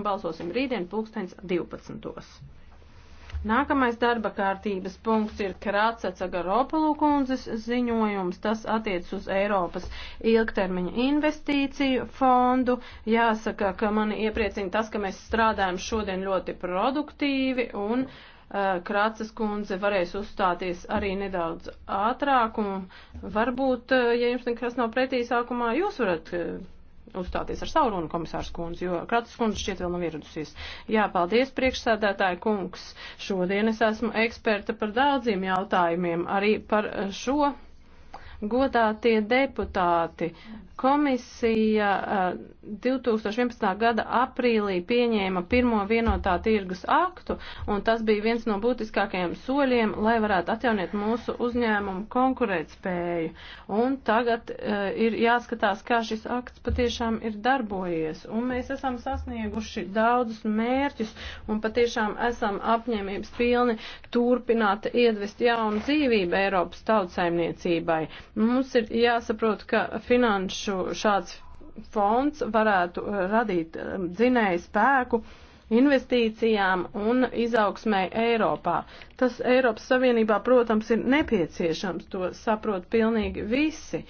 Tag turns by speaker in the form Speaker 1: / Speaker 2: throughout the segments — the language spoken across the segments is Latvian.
Speaker 1: un balsosim rītdien pulkstens 12. Nākamais darba kārtības punkts ir Krāca Cagaropulu kundzes ziņojums. Tas attiec uz Eiropas ilgtermiņa investīciju fondu. Jāsaka, ka mani iepriecina tas, ka mēs strādājam šodien ļoti produktīvi un uh, Krācas kundze varēs uzstāties arī nedaudz ātrāk, un varbūt, uh, ja jums nekas nav pretī sākumā, jūs varat uh, uzstāties ar savu runu, komisārs kundze, jo Kratas kundze šķiet vēl nav ieradusies. Jā, paldies, priekšsēdētāji kungs. Šodien es esmu eksperta par daudziem jautājumiem, arī par šo godātie deputāti. Komisija 2011. Eh, gada aprīlī pieņēma pirmo vienotā tirgus aktu, un tas bija viens no būtiskākajiem soļiem, lai varētu atjauniet mūsu uzņēmumu konkurētspēju. Un tagad uh, ir jāskatās, kā šis akts patiešām ir darbojies, un mēs esam sasnieguši daudzus mērķus, un patiešām esam apņēmības pilni turpināt iedvest jaunu dzīvību Eiropas tautsaimniecībai. Mums ir jāsaprot, ka finanšu Taču šāds fonds varētu eh, radīt eh, dzinēju spēku investīcijām un izaugsmai Eiropā. Tas Eiropas Savienībā, protams, ir nepieciešams, to saprot pilnīgi visi.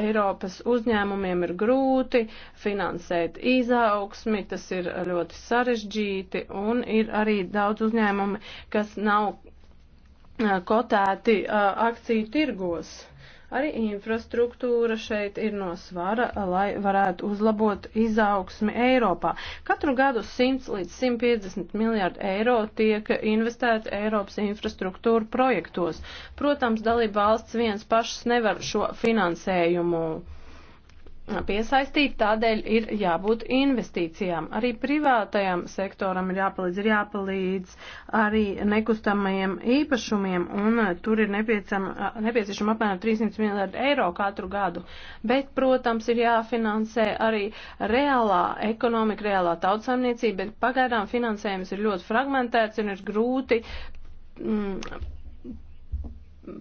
Speaker 1: Eiropas uzņēmumiem ir grūti finansēt izaugsmi, tas ir ļoti sarežģīti un ir arī daudz uzņēmumi, kas nav eh, kotēti akciju tirgos. Arī infrastruktūra šeit ir no svara, lai varētu uzlabot izaugsmi Eiropā. Katru gadu 100 līdz 150 miljārdu eiro tiek investēti Eiropas infrastruktūra projektos. Protams, dalība valsts viens pašs nevar šo finansējumu piesaistīt, tādēļ ir jābūt investīcijām. Arī privātajam sektoram ir jāpalīdz, ir jāpalīdz arī nekustamajiem īpašumiem, un eh, tur ir nepieciešama apmēram 300 miljārdu eiro katru gadu. Bet, protams, ir jāfinansē arī reālā ekonomika, reālā tautsaimniecība, bet pagaidām finansējums ir ļoti fragmentēts un ir grūti. Mm,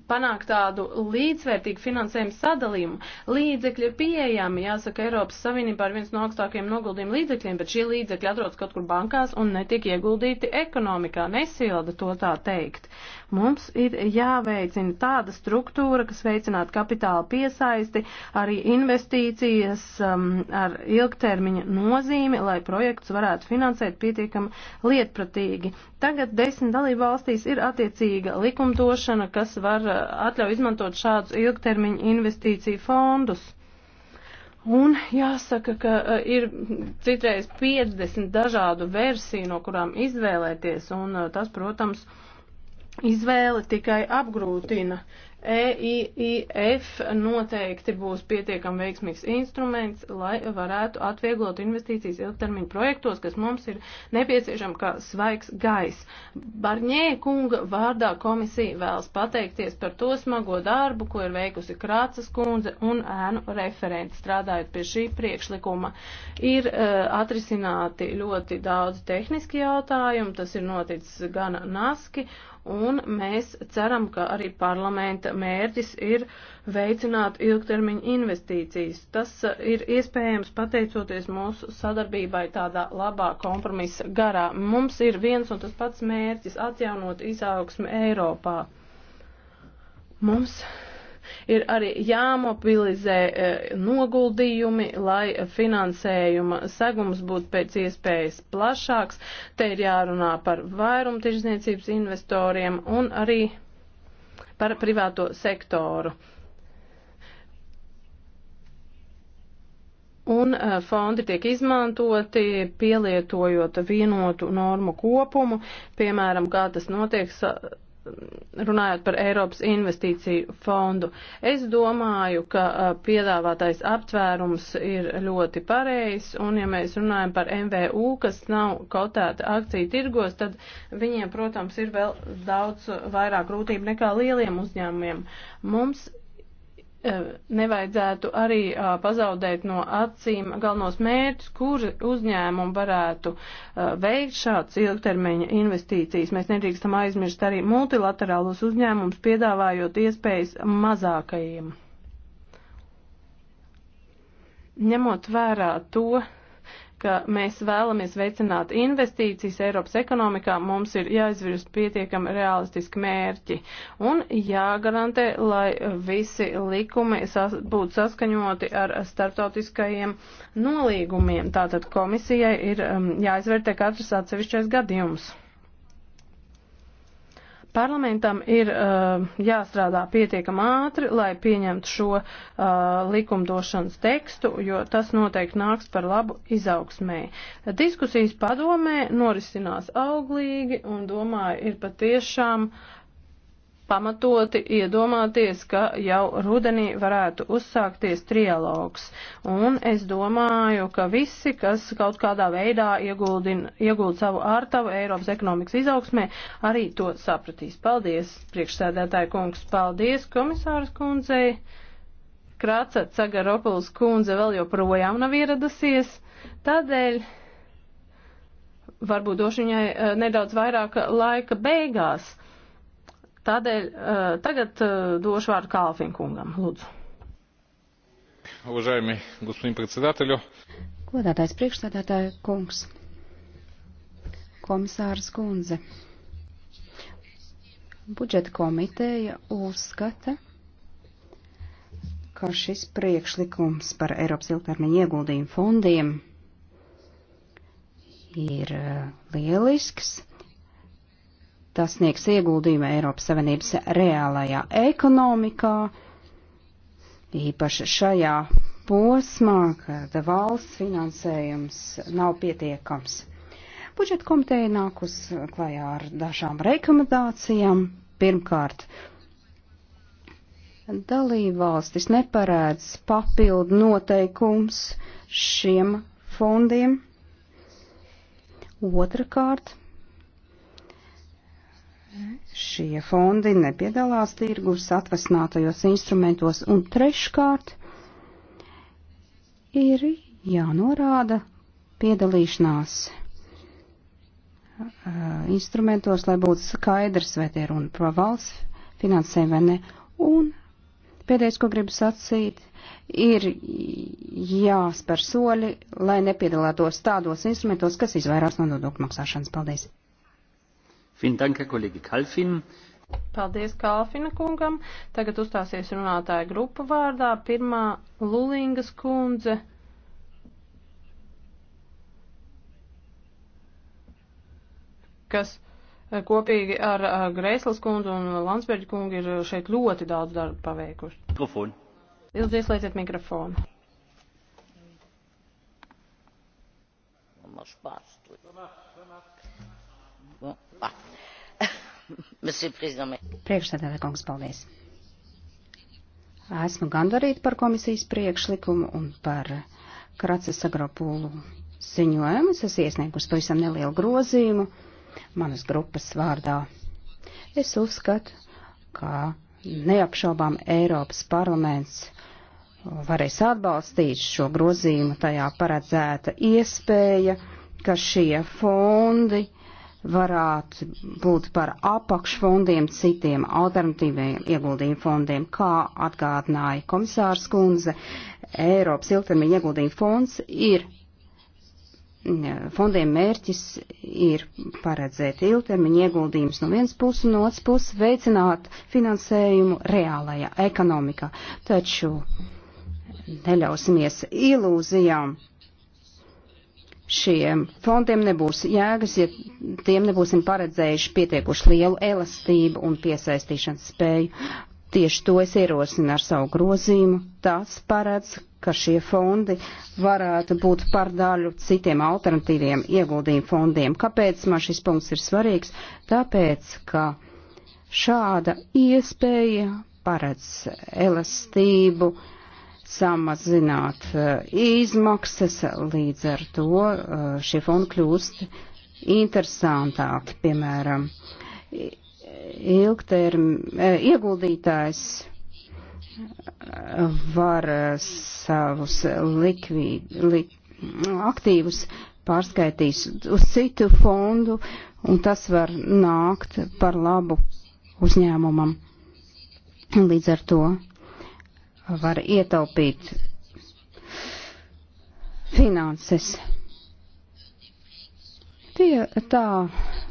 Speaker 1: panākt tādu līdzvērtīgu finansējumu sadalījumu. Līdzekļi ir pieejami, jāsaka, Eiropas Savienībā ir viens no augstākajiem noguldījuma līdzekļiem, bet šie līdzekļi atrodas kaut kur bankās un netiek ieguldīti ekonomikā, nesilda to tā teikt. Mums ir jāveicina tāda struktūra, kas veicinātu kapitāla piesaisti, arī investīcijas um, ar ilgtermiņa nozīmi, lai projekts varētu finansēt pietiekami lietpratīgi. Tagad desmit dalību valstīs ir attiecīga likumdošana, kas var uh, atļauj izmantot šādus ilgtermiņu investīciju fondus. Un jāsaka, ka uh, ir citreiz 50 dažādu versiju, no kurām izvēlēties, un uh, tas, protams, izvēle tikai apgrūtina uh, EIF noteikti būs pietiekami veiksmīgs instruments, lai varētu atvieglot investīcijas ilgtermiņu projektos, kas mums ir nepieciešama kā svaigs gais. Barņē kunga vārdā komisija vēlas pateikties par to smago darbu, ko ir veikusi Krācas kundze un ēnu referenti strādājot pie šī priekšlikuma. Ir uh, atrisināti ļoti daudz tehniski jautājumi, tas ir noticis gana naski, un mēs ceram, ka arī parlamenta mērķis ir veicināt ilgtermiņa investīcijas. Tas uh, ir iespējams pateicoties mūsu sadarbībai tādā labā kompromisa garā. Mums ir viens un tas pats mērķis atjaunot izaugsmi Eiropā. Mums ir arī jāmobilizē e, noguldījumi, lai finansējuma segums būtu pēc iespējas plašāks. Te ir jārunā par vairumtirdzniecības investoriem un arī par privāto sektoru. Un eh, fondi tiek izmantoti, pielietojot vienotu normu kopumu, piemēram, kā tas notiek runājot par Eiropas investīciju fondu. Es domāju, ka piedāvātais aptvērums ir ļoti pareizs, un ja mēs runājam par MVU, kas nav kotēta akciju tirgos, tad viņiem, protams, ir vēl daudz vairāk grūtību nekā lieliem uzņēmumiem. Mums Eh, nevajadzētu arī eh, pazaudēt no acīm galvenos mērķus, kur uzņēmumu varētu eh, veikt šāds ilgtermiņa investīcijas. Mēs nedrīkstam aizmirst arī multilaterālos uzņēmumus, piedāvājot iespējas mazākajiem. Ņemot vērā to, ka mēs vēlamies veicināt investīcijas Eiropas ekonomikā, mums ir jāizvirs pietiekami realistiski mērķi un jāgarantē, lai visi likumi sas būtu saskaņoti ar starptautiskajiem nolīgumiem. Tātad komisijai ir um, jāizvērtē katrs atsevišķais gadījums. Parlamentam ir uh, jāstrādā pietiekam ātri, lai pieņemtu šo uh, likumdošanas tekstu, jo tas noteikti nāks par labu izaugsmē. Diskusijas padomē norisinās auglīgi un domāju, ir patiešām uh, pamatoti iedomāties, ka jau rudenī varētu uzsākties trialogs. Un es domāju, ka visi, kas kaut kādā veidā ieguld savu ārtavu Eiropas ekonomikas izaugsmē, arī to sapratīs. Paldies, priekšsēdētāji kungs, paldies komisāras kundzei. Krāca Cagaropuls kundze vēl joprojām nav ieradusies, tādēļ varbūt došu viņai eh, nedaudz vairāk laika beigās. Tādēļ uh, tagad uh, došu vārdu Kalfinkungam. Lūdzu. Уважаеми господин председателю.
Speaker 2: Godātais priekšstādātāja kungs, komisārs kundze. Budžeta komiteja uzskata, ka šis priekšlikums par Eiropas ilgtermiņa ieguldījumu fondiem ir eh, lielisks tas sniegs ieguldījumu Eiropas Savienības reālajā ekonomikā, īpaši šajā posmā, kad valsts finansējums nav pietiekams. Budžeta komiteja nāk uz klajā ar dažām rekomendācijām. Pirmkārt, dalībvalstis neparēdz papildu noteikums šiem fondiem. Otrakārt, Šie fondi nepiedalās tirgus atvesinātajos instrumentos, un treškārt ir jānorāda piedalīšanās uh, instrumentos, lai būtu skaidrs, vai tie runa par valsts finansēm vai ne. Un pēdējais, ko gribu sacīt, ir jāspēr soļi, lai nepiedalātos tādos instrumentos, kas izvairās no nodokļu maksāšanas. Paldies! Dank,
Speaker 1: Paldies Kalfina kungam. Tagad uzstāsies runātāja grupu vārdā. Pirmā Lulingas kundze. kas eh, kopīgi ar eh, Grēslas kundzu un Landsbergi kungu ir eh, šeit ļoti daudz darba paveikuši. Mikrofonu. Jūs ieslēdziet mikrofonu. Maš pārstu. Priekšsēdētāja
Speaker 2: kungs, paldies. Esmu gandarīta par komisijas priekšlikumu un par Kracas agropūlu ziņojumu. Es esmu iesniegusi pavisam nelielu grozījumu manas grupas vārdā. Es uzskatu, ka neapšaubām Eiropas parlaments varēs atbalstīt šo grozījumu, tajā paredzēta iespēja, ka šie fondi varētu būt par apakšfondiem, citiem alternatīviem ieguldījumu fondiem, kā atgādināja komisārs Kunze. Eiropas ilgtermiņa ieguldījumu fonds ir, fondiem mērķis ir paredzēt ilgtermiņa ieguldījumus no vienas puses un no otras puses veicināt finansējumu reālajā ekonomikā. Taču neļausimies ilūzijām šiem fondiem nebūs jēgas, ja tiem nebūsim paredzējuši pietiekuši lielu elastību un piesaistīšanas spēju. Tieši to es ierosinu ar savu grozījumu. Tas paredz, ka šie fondi varētu būt par daļu citiem alternatīviem ieguldījumu fondiem. Kāpēc man šis punkts ir svarīgs? Tāpēc, ka šāda iespēja paredz elastību, uh, samazināt uh, izmaksas, līdz ar to uh, šie fondi kļūst interesantāki, piemēram, ilgtermiņa eh, ieguldītājs uh, var savus likvīd, lik, aktīvus pārskaitīs uz citu fondu, un tas var nākt par labu uzņēmumam. Līdz ar to var ietaupīt finanses. Tie tā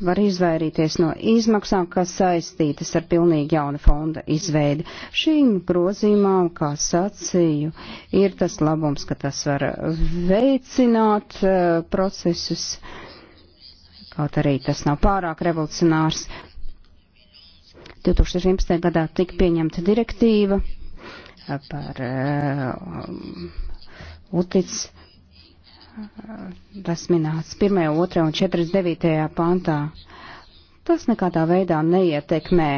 Speaker 2: var izvairīties no izmaksām, kas saistītas ar pilnīgi jaunu fonda izveidi. Šīm grozīmām, kā sacīju, ir tas labums, ka tas var veicināt uh, procesus, kaut arī tas nav pārāk revolucionārs. 2011. gadā tika pieņemta direktīva par um, utic. Tas minēts 1, 2 un 49. pantā. Tas nekādā veidā neietekmē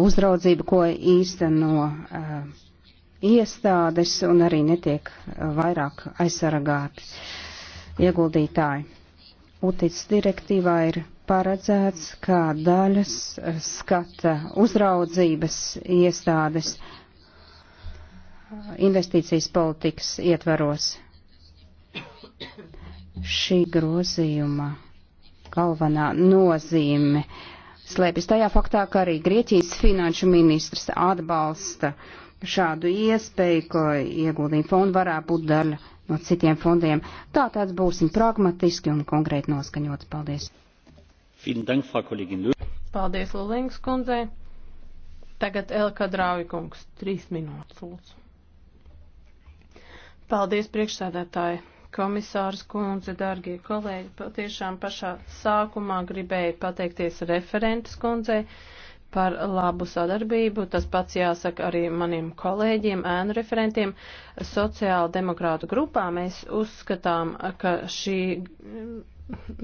Speaker 2: uzraudzību, ko īsteno uh, iestādes un arī netiek eh, vairāk aizsargāti ieguldītāji. UTICS direktīvā ir paredzēts, kā daļas skata uzraudzības iestādes investīcijas politikas ietvaros. Šī grozījuma galvenā nozīme slēpjas tajā faktā, ka arī Grieķijas finanšu ministrs atbalsta uh, šādu iespēju, ka ieguldījuma fonda varētu būt daļa no citiem fondiem. Tātad būsim pragmatiski un konkrēti noskaņoti. Paldies!
Speaker 1: Paldies, Lulīngas kundzei! Tagad Elka Drāvikungs, trīs minūtes lūdzu. Paldies, priekšsēdētāji, komisārs kundze, dargie kolēģi. Patiešām pašā sākumā gribēju pateikties referentes kundzei par labu sadarbību. Tas pats jāsaka arī maniem kolēģiem, ēnu referentiem. Sociāla demokrātu grupā mēs uzskatām, ka šī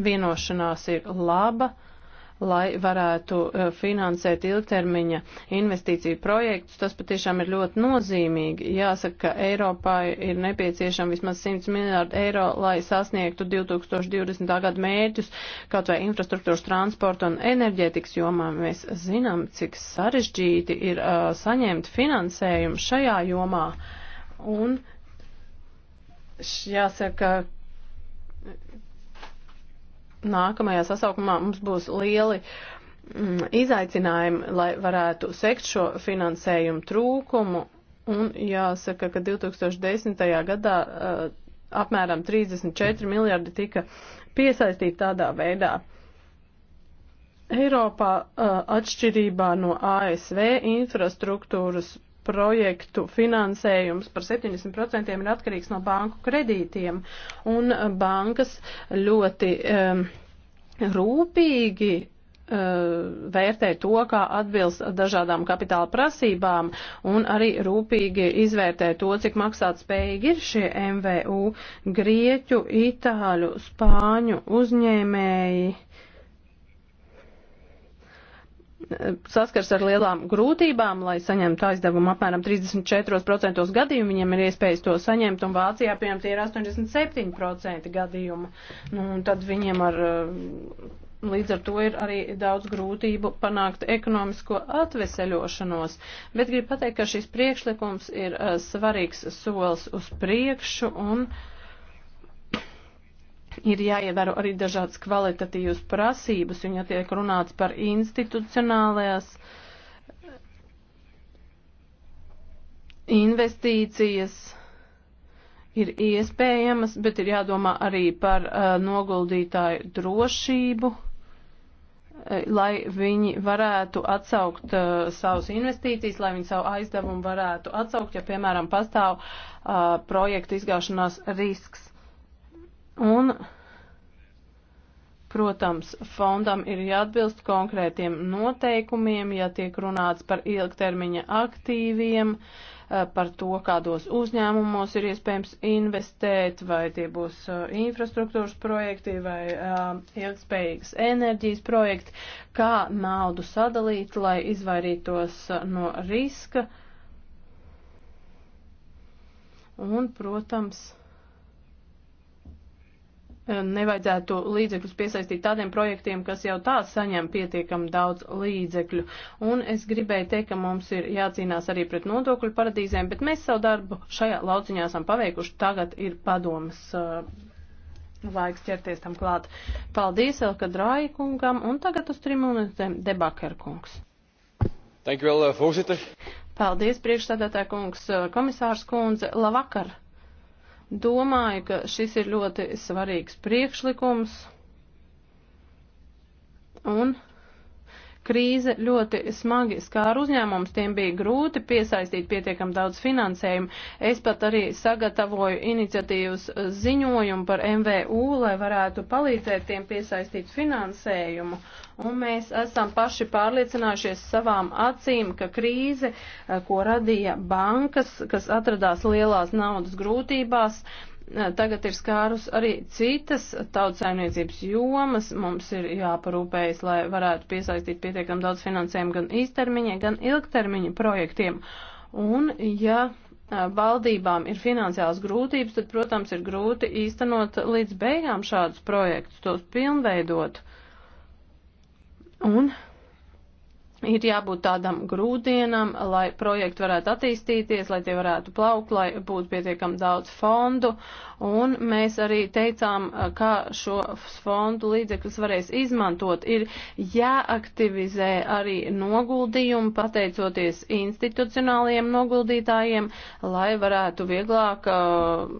Speaker 1: vienošanās ir laba. Uh, lai varētu e, finansēt ilgtermiņa investīciju projektus. Tas patiešām ir ļoti nozīmīgi. Jāsaka, ka Eiropai ir nepieciešama vismaz 100 miljārdu eiro, lai sasniegtu 2020. gadu mērķus, kaut vai infrastruktūras transporta un enerģētikas jomā. Mēs zinām, cik sarežģīti ir uh, saņemt finansējumu šajā jomā. Un jāsaka, nākamajā sasaukumā mums būs lieli mm, izaicinājumi, lai varētu sekt šo finansējumu trūkumu. Un jāsaka, ka 2010. gadā uh, apmēram 34 miljardi tika piesaistīti tādā veidā. Eiropā uh, atšķirībā no ASV infrastruktūras projektu finansējums par 70% ir atkarīgs no banku kredītiem, un eh, bankas ļoti um, rūpīgi eh, vērtē to, kā atbilst dažādām kapitāla prasībām un arī rūpīgi izvērtē to, cik maksāt spējīgi ir šie MVU grieķu, itāļu, spāņu uzņēmēji saskars ar lielām grūtībām, lai saņemtu aizdevumu apmēram 34% gadījumu, viņiem ir iespējas to saņemt, un Vācijā, piemēram, tie ir 87% gadījumu. Nu, un tad viņiem ar, uh, līdz ar to ir arī daudz grūtību panākt ekonomisko atveseļošanos. Bet gribu pateikt, ka šis priekšlikums ir uh, svarīgs solis uz priekšu un. Uh, ir jāievēro arī dažādas kvalitatīvas prasības, un ja tiek runāts par institucionālajās investīcijas, ir iespējamas, bet ir jādomā arī par uh, noguldītāju drošību, eh, lai viņi varētu atsaukt uh, eh, savus investīcijas, lai viņi savu aizdevumu varētu atsaukt, ja, piemēram, pastāv uh, projekta izgāšanās risks. Un, protams, fondam ir jāatbilst konkrētiem noteikumiem, ja tiek runāts par ilgtermiņa aktīviem, eh, par to, kādos uzņēmumos ir iespējams investēt, vai tie būs eh, infrastruktūras projekti vai eh, ilgspējīgas enerģijas projekti, kā naudu sadalīt, lai izvairītos no riska. Un, protams, nevajadzētu līdzekļus piesaistīt tādiem projektiem, kas jau tā saņem pietiekam daudz līdzekļu. Un es gribēju teikt, ka mums ir jācīnās arī pret nodokļu paradīzēm, bet mēs savu darbu šajā lauciņā esam paveikuši. Tagad ir padomas uh, laiks ķerties tam klāt. Paldies Elka Drāja kungam un tagad uz trim minūtēm Debaker kungs.
Speaker 3: Thank you, well, uh,
Speaker 1: Paldies, priekšstādātā kungs, komisārs kundze, labvakar! Domāju, ka šis ir ļoti svarīgs priekšlikums un Krīze ļoti smagi skāra uzņēmums, tiem bija grūti piesaistīt pietiekam daudz finansējumu. Es pat arī sagatavoju iniciatīvas ziņojumu par MVU, lai varētu palīdzēt tiem piesaistīt finansējumu. Un mēs esam paši pārliecinājušies savām acīm, ka krīze, eh, ko radīja bankas, kas atradās lielās naudas grūtībās, uh, tagad ir skārus arī citas tautsaimniecības jomas. Mums ir jāparūpējas, lai varētu piesaistīt pietiekam daudz finansējumu gan īstermiņa, gan ilgtermiņa projektiem. Un, ja valdībām ir finansiāls grūtības, tad, protams, ir grūti īstenot līdz beigām šādus projektus, tos pilnveidot. Un ir jābūt tādam grūdienam, lai projekti varētu attīstīties, lai tie varētu plaukt, lai būtu pietiekam daudz fondu. Un mēs arī teicām, kā šos fondu līdzekļus varēs izmantot. Ir jāaktivizē arī noguldījumi, pateicoties institucionālajiem noguldītājiem, lai varētu vieglāk uh,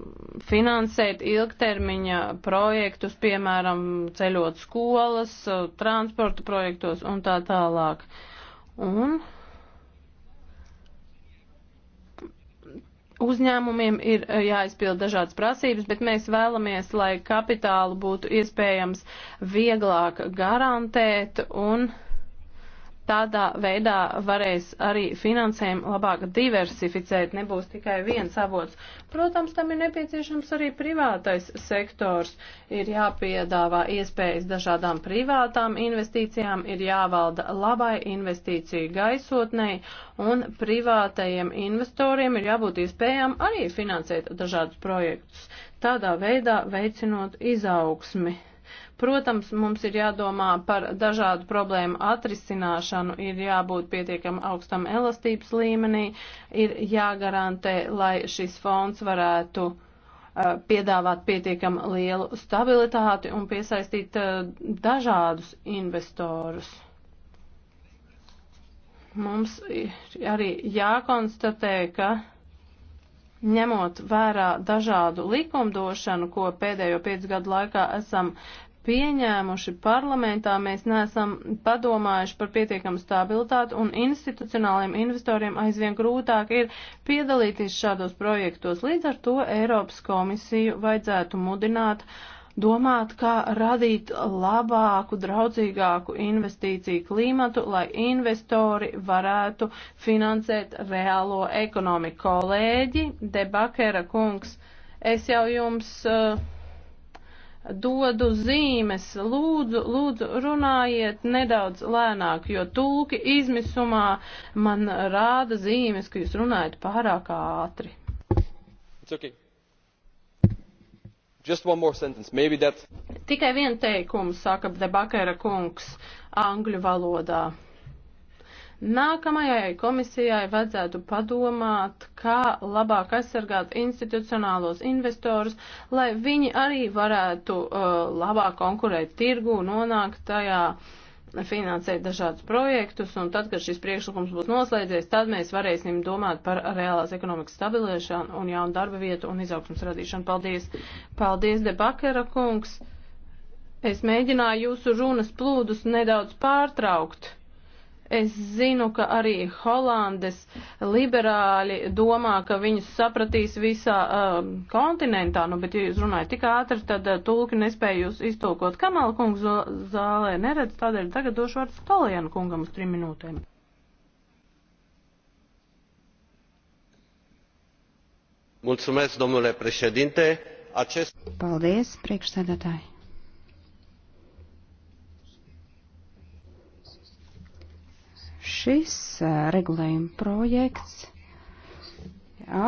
Speaker 1: finansēt ilgtermiņa projektus, piemēram, ceļot skolas, uh, transporta projektos un tā tālāk. Thank you Un uzņēmumiem ir eh, jāizpild dažādas prasības, bet mēs vēlamies, lai kapitālu būtu iespējams vieglāk garantēt un Tādā veidā varēs arī finansējumu labāk diversificēt, nebūs tikai viens avots. Protams, tam ir nepieciešams arī privātais sektors. Ir jāpiedāvā iespējas dažādām privātām investīcijām, ir jāvalda labai investīciju gaisotnei, un privātajiem investoriem ir jābūt iespējām arī finansēt dažādus projektus, tādā veidā veicinot izaugsmi. Protams, mums ir jādomā par dažādu problēmu atrisināšanu, ir jābūt pietiekam augstam elastības līmenī, ir jāgarantē, lai šis fonds varētu uh, piedāvāt pietiekam lielu stabilitāti un piesaistīt uh, dažādus investorus. Mums ir arī jākonstatē, ka ņemot vērā dažādu likumdošanu, ko pēdējo piecu gadu laikā esam pieņēmuši parlamentā, mēs neesam padomājuši par pietiekamu stabilitāti un institucionāliem investoriem aizvien grūtāk ir piedalīties šādos projektos. Līdz ar to Eiropas komisiju vajadzētu mudināt uh, domāt, kā radīt labāku, draudzīgāku investīciju klimatu, lai investori varētu finansēt reālo ekonomiku. Kolēģi, debakera kungs, es jau jums. Uh, dodu zīmes, lūdzu, lūdzu, runājiet nedaudz lēnāk, jo tulki izmisumā man rāda zīmes, ka jūs runājat pārāk ātri.
Speaker 2: It's okay.
Speaker 1: Tikai vienu teikumu saka Debakera kungs angļu valodā. Nākamajai komisijai vajadzētu padomāt, kā labāk aizsargāt institucionālos investorus, lai viņi arī varētu uh, labāk konkurēt tirgu, nonākt tajā uh, finansēt dažādus projektus, un tad, kad šis priekšlikums būs noslēdzies, tad mēs varēsim domāt par reālās ekonomikas stabilēšanu un jaunu darba vietu un izaugsmas radīšanu. Paldies! Paldies, Debakera kungs! Es mēģināju jūsu runas plūdus nedaudz pārtraukt. Es zinu, ka arī Holandes liberāļi domā, ka viņus sapratīs visā um, kontinentā, nu, bet, ja jūs runājat tik ātri, tad uh, tulki nespēja jūs iztulkot. Kamala kungs zālē neredz, tādēļ tagad došu vārdu Stalienu kungam uz trim minūtēm. Mulțumesc, domnule președinte. Acest...
Speaker 2: Paldies, priekšsēdētāji. šis regulējuma projekts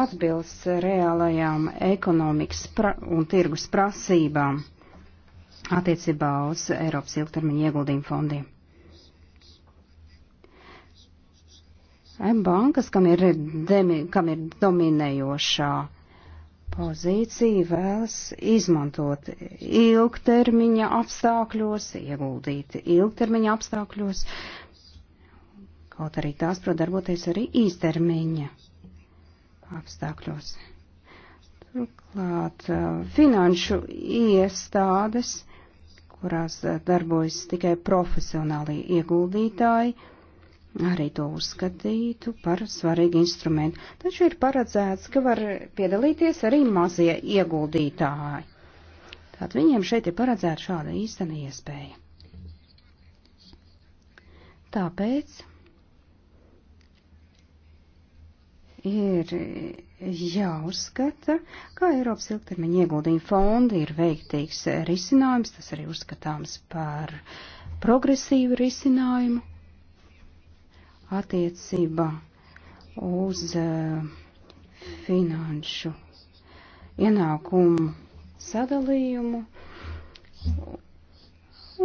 Speaker 2: atbilst reālajām ekonomikas un tirgus prasībām attiecībā uz Eiropas ilgtermiņa ieguldījumu fondiem. Bankas, kam ir, demi, kam ir dominējošā pozīcija, vēlas izmantot ilgtermiņa apstākļos, ieguldīt ilgtermiņa apstākļos, kaut arī tās prot darboties arī īstermiņa apstākļos. Turklāt finanšu iestādes, kurās darbojas tikai profesionāli ieguldītāji, arī to uzskatītu par svarīgu instrumentu. Taču ir paredzēts, ka var piedalīties arī mazie ieguldītāji. Tātad viņiem šeit ir paredzēta šāda īstena iespēja. Tāpēc ir jāuzskata, kā Eiropas ilgtermiņa ieguldījuma fonda ir veiktīgs risinājums, tas arī uzskatāms par progresīvu risinājumu attiecībā uz eh, finanšu ienākumu sadalījumu.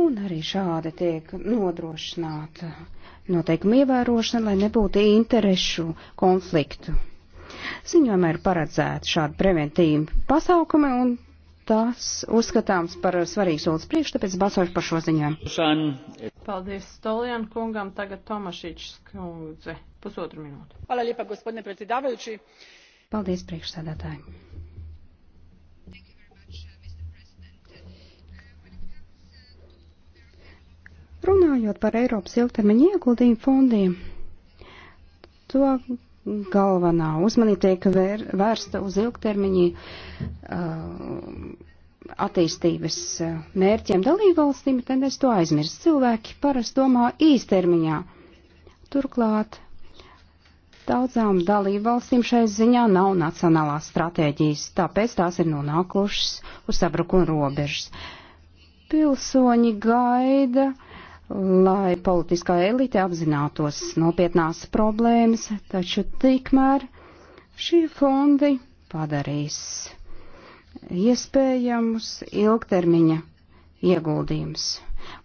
Speaker 2: Un arī šādi tiek nodrošināta uh, noteikumu ievērošana, lai nebūtu interešu konfliktu. Ziņojumā ir paredzēta šāda preventīva pasaukuma un tas uzskatāms par svarīgu solis priekš, tāpēc balsošu par šo ziņojumu.
Speaker 1: Paldies Stolijan kungam, tagad Tomašičs kundze. Pusotru minūtu. Hvala lijepa, gospodine predsjedavajući.
Speaker 2: Paldies priekšsēdētāji. Runājot par Eiropas ilgtermiņa ieguldījumu fondiem, to galvenā uzmanība tiek vēr, vērsta uz ilgtermiņa uh, attīstības uh, mērķiem dalībvalstīm, tad es to aizmirstu. Cilvēki parasti domā īstermiņā. Turklāt daudzām dalībvalstīm šai ziņā nav nacionālās stratēģijas, tāpēc tās ir nonākušas uz sabrukuma robežas. Pilsoņi gaida uh, lai politiskā elite apzinātos nopietnās problēmas, taču tikmēr šie fondi padarīs iespējams ilgtermiņa ieguldījums.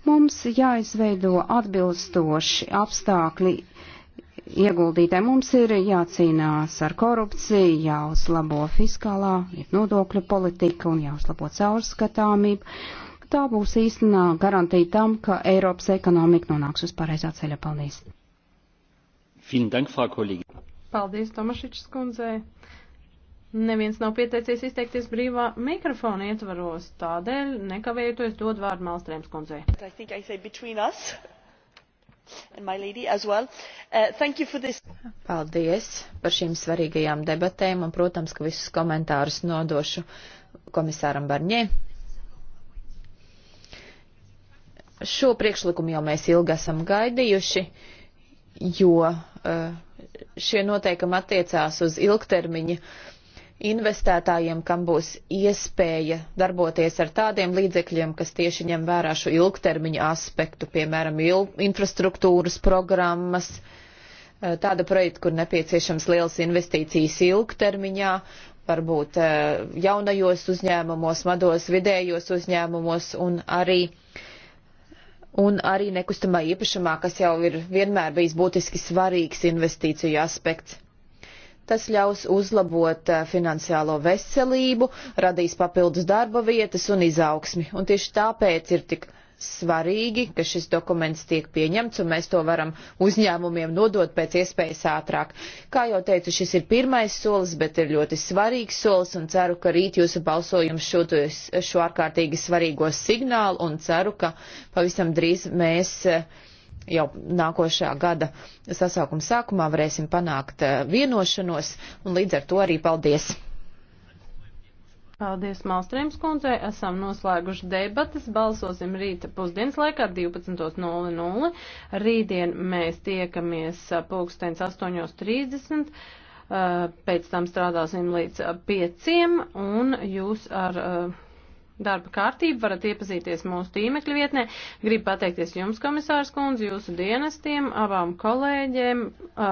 Speaker 2: Mums jāizveido atbilstoši apstākļi ieguldītāji. Mums ir jācīnās ar korupciju, jāuzlabo fiskālā, nodokļu politika un jāuzlabo caurskatāmību Tā būs īstenā garantija tam, ka Eiropas ekonomika nonāks uz pareizā ceļa. Paldies!
Speaker 1: Paldies, Tomašičs kundzei! Neviens nav pieteicies izteikties brīvā mikrofona ietvaros, tādēļ nekavējoties dod vārdu Malstrēms kundzei.
Speaker 3: Well. Uh, Paldies par šīm svarīgajām debatēm un, protams, ka visus komentārus nodošu komisāram Barņē. Šo priekšlikumu jau mēs ilgi esam gaidījuši, jo e, šie noteikumi attiecās uz ilgtermiņa investētājiem, kam būs iespēja darboties ar tādiem līdzekļiem, kas tieši ņem vērā šo ilgtermiņa aspektu, piemēram, infrastruktūras programmas, e, tāda projekta, kur nepieciešams liels investīcijas ilgtermiņā, varbūt e, jaunajos uzņēmumos, mados vidējos uzņēmumos un arī uh, un arī nekustamā īpašumā, kas jau ir vienmēr bijis būtiski svarīgs investīciju aspekts. Tas ļaus uzlabot eh, finansiālo veselību, radīs papildus darba vietas un izaugsmi, un tieši tāpēc ir tik svarīgi, ka šis dokuments tiek pieņemts un mēs to varam uzņēmumiem nodot pēc iespējas ātrāk. Kā jau teicu, šis ir pirmais solis, bet ir ļoti svarīgs solis un ceru, ka rīt jūsu balsojums šūtos šo ārkārtīgi svarīgo signālu un ceru, ka pavisam drīz mēs e, jau nākošā gada sasaukuma sākumā varēsim panākt e, vienošanos un līdz ar to arī paldies.
Speaker 1: Paldies, Malstrēms kundzei. Esam noslēguši debatas. Balsosim rīta pusdienas laikā 12.00. Rītdien mēs tiekamies pulkstens 8.30. Pēc tam strādāsim līdz 5. un jūs ar darba kārtību varat iepazīties mūsu tīmekļa vietnē. Gribu pateikties jums, komisārs kundze, jūsu dienestiem, abām kolēģiem.